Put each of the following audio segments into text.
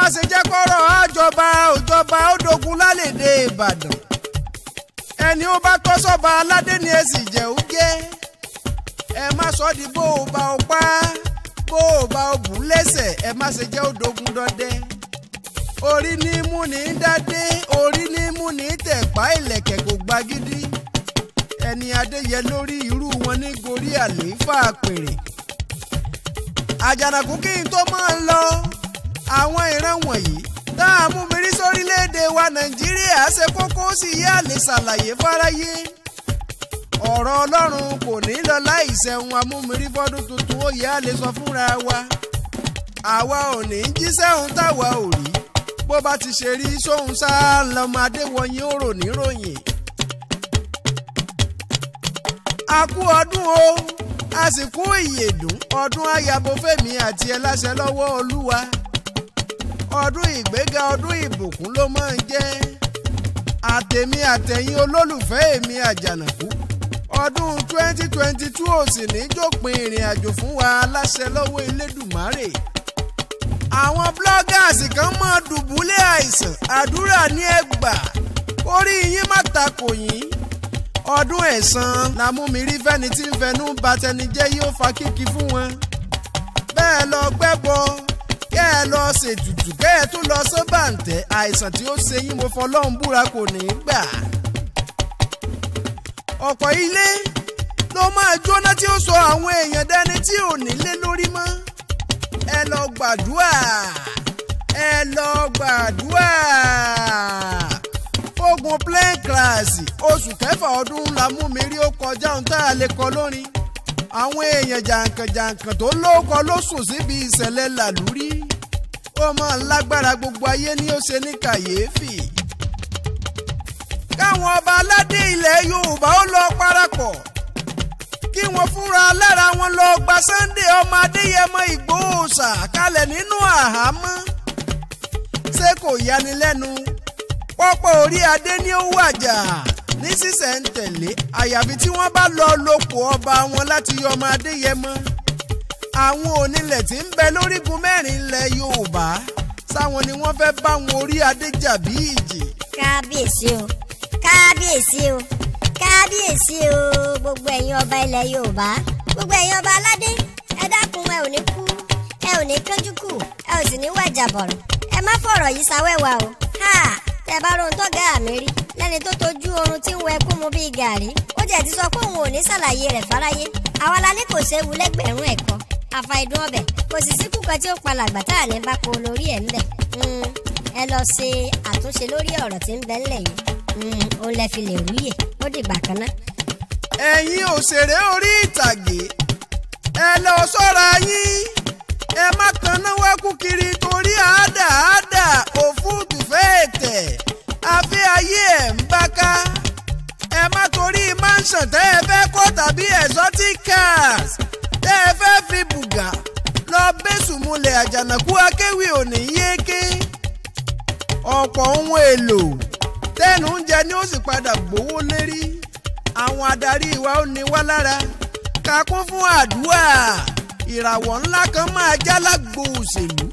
má ṣe jẹ́ kọ́rọ̀ àjọba òjọba ó dogun lálẹ́dẹ̀ Ìbàdàn ẹni ó bá tọ́ sọ́ba ni ẹ jẹ́ ó jẹ́ ẹ má sọ di bó o bá o pa bó o bá o bù lẹ́sẹ̀ ẹ má jẹ́ dogun orí ni mú ní dádé orí ní mú kò ẹni adéyẹ lórí lọ. nàìjíríà ṣe kókó sí yá lè ṣàlàyé fáráyé ọ̀rọ̀ ọlọ́run kò ní lọ láì ṣẹ̀hun amúmirí fọ́dún tuntun ó yá lè sọ fúnra wa àwa ò ní jí sẹ́hun táwa ò rí bó bá ti ṣe rí sóhun sáà lọ́mọ ó rò níròyìn a kú ọdún o a sì kú ìyèdùn ọdún ayabo fẹ́mi àti ẹ láṣẹ lọ́wọ́ olúwa ọdún ìgbéga ọdún ìbùkún ló máa ń jẹ́ àtèmi àtẹ̀yin olólùfẹ́ èmi àjànàkú ọdún 2022 ò sì ní jópin ìrìn àjò fún wa aláṣẹ lọ́wọ́ elédùnmárè àwọn bloggers kan máa dùbúlẹ̀ àìsàn àdúrà ní ẹgbà orí yín má takò yín ọdún ẹ̀san la mú mi rí fẹ́ni tí ń fẹnu batẹnijẹ́ yóò fa kíkí fún wọn bẹ́ẹ̀ lọ gbẹ́bọ kẹ́ ẹ lọ ṣètùtù kẹ́ ẹ tún lọ sọ́bàǹtẹ̀ àìsàn tí ó ṣe yín mo fọlọ́run búra kò ní í gbà. ọ̀pọ̀ ilé ló máa jóná tí ó sọ àwọn èèyàn dání tí ò nílé lórí mọ́ ẹ lọ gbàdúrà ẹ lọ gbàdúrà ogun plain class oṣù kẹfà ọdún la mú mi rí ó kọjá ohun tá a lè kọ lórin àwọn èèyàn jàǹkànjàǹkàn tó lóko ló sùn síbi ìṣẹ̀lẹ̀ làlúrí kó máa lágbára gbogbo ayé ni ó ṣe ní kàyéfì. káwọn ọba aládé ilẹ̀ Yorùbá ó lọ parapọ̀ kí wọ́n fúnra lára wọn lọ gba Sunday ọmọ Adéyẹmọ Ìgbòho sàkálẹ̀ nínú àhámọ́ ṣé kò yanilẹ́nu pọ́pọ́ orí adé ni ó wàjà ní sísẹ̀ntẹ̀lé àyàfi tí wọ́n bá lọ lóko ọba wọn láti yọ ọmọ Adéyẹmọ àwọn onílẹ̀ tí ń bẹ lórígun mẹ́rin ilẹ̀ Yorùbá sáwọn ni wọ́n fẹ́ẹ́ bá wọn orí adé jà bí ìjì. kábíyèsí o kábíyèsí o kábíyèsí o gbogbo ẹ̀yin ọba ilẹ̀ Yorùbá gbogbo ẹ̀yin ọba aládé ẹ dákun ẹ ò ní kú ẹ ò ní kánjú kù ẹ ò sì ní wàjà bọ̀rọ̀ ẹ má fọ̀rọ̀ yìí sáwẹ́wà o tẹ bá rohun tó ga àmì rí lẹ́ni tó tojú oorun tí ń wẹ kú mu bíi gàrí ó jẹ́ ti sọ pé òun ò ní ṣàlàyé rẹ̀ fáráyé àwa la ní kò séwu lẹ́gbẹ̀rún ẹ̀kọ́ àfàìdùn ọbẹ̀ kò sì sí kúkan tí ó palà àgbàtà ní bá ko lórí ẹ̀ ńbẹ̀ hmm, ẹ lọ ṣe àtúnṣe lórí ọ̀rọ̀ tí ń bẹ ńlẹ̀ yìí hmm, ó lẹ fi lè wúyè ó dìgbà kan ná. ẹ̀yin òṣèré orí ìtàgé ẹ lọ sọ́ra yín ẹ má kan náwó kú kiri torí àádà múlẹ̀ àjànàkú akéwì ò ní yéké ọ̀pọ̀ ohun èlò tẹ́nu oúnjẹ ni ó sì padà gbówó lérí àwọn adarí ìwà ó ní wá lára ká kún fún àdúrà ìràwọ̀ ńlá kan máa já lágbo òṣèlú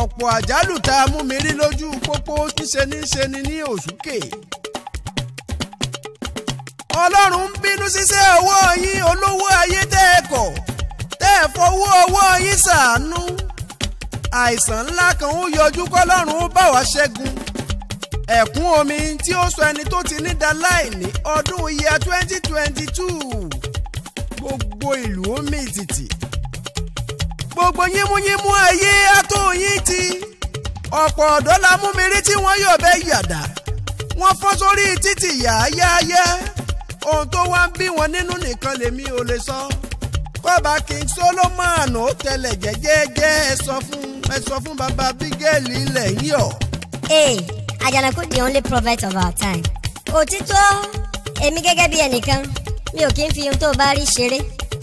ọ̀pọ̀ àjálù tá a mú mi rí lójú pópó ṣíṣe ní ṣe ni ní òsúkè ọlọ́run ń bínú ṣiṣẹ́ ọwọ́ yín olówó owó ọwọ́ yín ṣàánú àìsàn ńlá kan ń yọjú kọ́lọ́run bá wá ṣẹ́gun ẹ̀kún omi tí ó sọ ẹni tó ti ní daláìní ọdún year 2022. twenty two gbogbo ìlú ó mì tìtì gbogbo yínmúyínmú ayé ató yín ti ọ̀pọ̀ ọ̀dọ́ la mú mi rí tí wọ́n yọ̀ bẹ́ẹ̀ yàdá wọ́n fọ́n sórí títì yáyáyá ohun tó wá ń bí wọn nínú nìkan lèmi ò lè sọ. So bàbá King Solomon ó tẹlẹ̀ jẹ́jẹ́jẹ́ ẹ sọ fún ẹ sọ fún bàbá bígẹ́lì ilẹ̀ yìí ee Àjànàkú the only prophet of our time. òtítọ́ èmi gẹ́gẹ́ bí ẹnìkan mi ò kí ń fi ohun tó bá rí ṣeré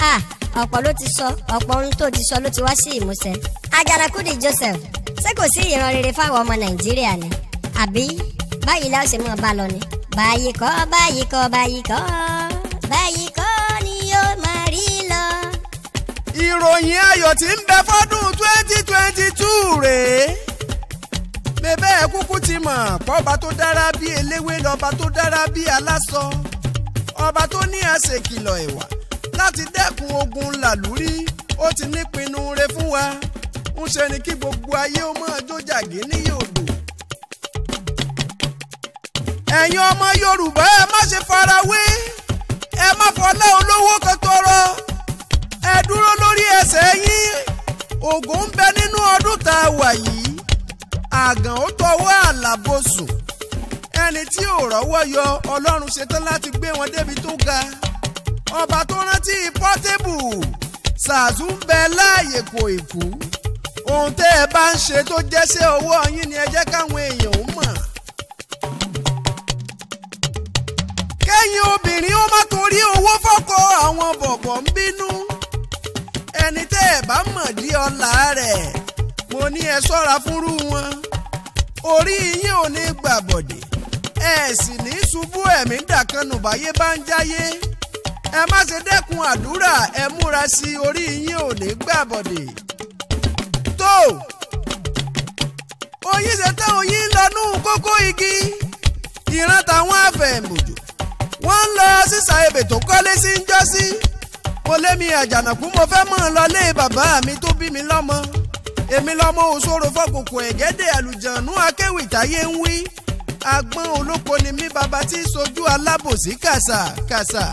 ah, ọ̀pọ̀ ló ti sọ ọ̀pọ̀ ohun tó ti sọ ló ti wá sí ìmúṣẹ. Àjànàkú the Joseph ṣé kò sí ìran rere fáwọn ọmọ Nàìjíríà ni àbí báyìí láwọn ṣe mú ọ lọ ni báyìí kọ́ báyìí kọ́ báyìí kọ́ báyìí kọ́ ìròyìn ayọ̀ tí ń bẹ fọ́dún twenty twenty two rèé bẹ́ẹ̀ ẹ kúkú ti mọ̀ pọ́ba tó dára bí eléwé lọ́ba tó dára bí aláṣọ ọba tó ní àṣẹ ìkìlọ̀ ẹ̀wà láti dẹ́kun ogun làlúrí ó ti nípinnu re fún wa ń ṣe ni kí gbogbo ayé ó máa jó jàgé ní yòdò. ẹ̀yin ọmọ Yorùbá ẹ má ṣe farawé ẹ má fọlá o. ògo ń bẹ nínú ọdún tá a wà yìí àgàn ó tọwọ́ àlàbò sùn ẹni tí ò rọ́wọ́ yọ ọlọ́run ṣetán láti gbé wọn débi tó ga ọba tó rántí pọ́tébù ṣàzú ń bẹ láàyè kò ìkú ohun tẹ́ ẹ bá ń ṣe tó jẹ́ sí ọwọ́ yín ni ẹ jẹ́ káwọn èèyàn ó mọ̀ bá mọ̀ ọ̀la rẹ̀ mo ní ẹ ṣọ́ra fúnrú wọn orí yín ò ní gbàbọ̀dẹ̀ ẹ sì ní ṣubú ẹ̀mí dàkanù báyé bá ń jáyé ẹ má ṣe dẹ́kun àdúrà ẹ múra sí orí yín ò ní gbàbọ̀dẹ̀ tó oyin ṣe tán oyin lọ́nú kókó igi ìran tàwọn afẹ̀mọ̀jò wọ́n ń lọ sísà ebè tó kọ́lé sí ń jọ́sí. Si mo lémi àjànàkú mo fẹ́ mọ̀ lọ lé bàbá mi tó bí mi lọ́mọ èmi lọ́mọ òṣòro fọkòkò ẹ̀gẹ́dẹ̀ àlùjànnú akéwì táyé ń wí agbọ́n olóko ni mí bàbá tí sojú alábòsí kàṣà kàṣà.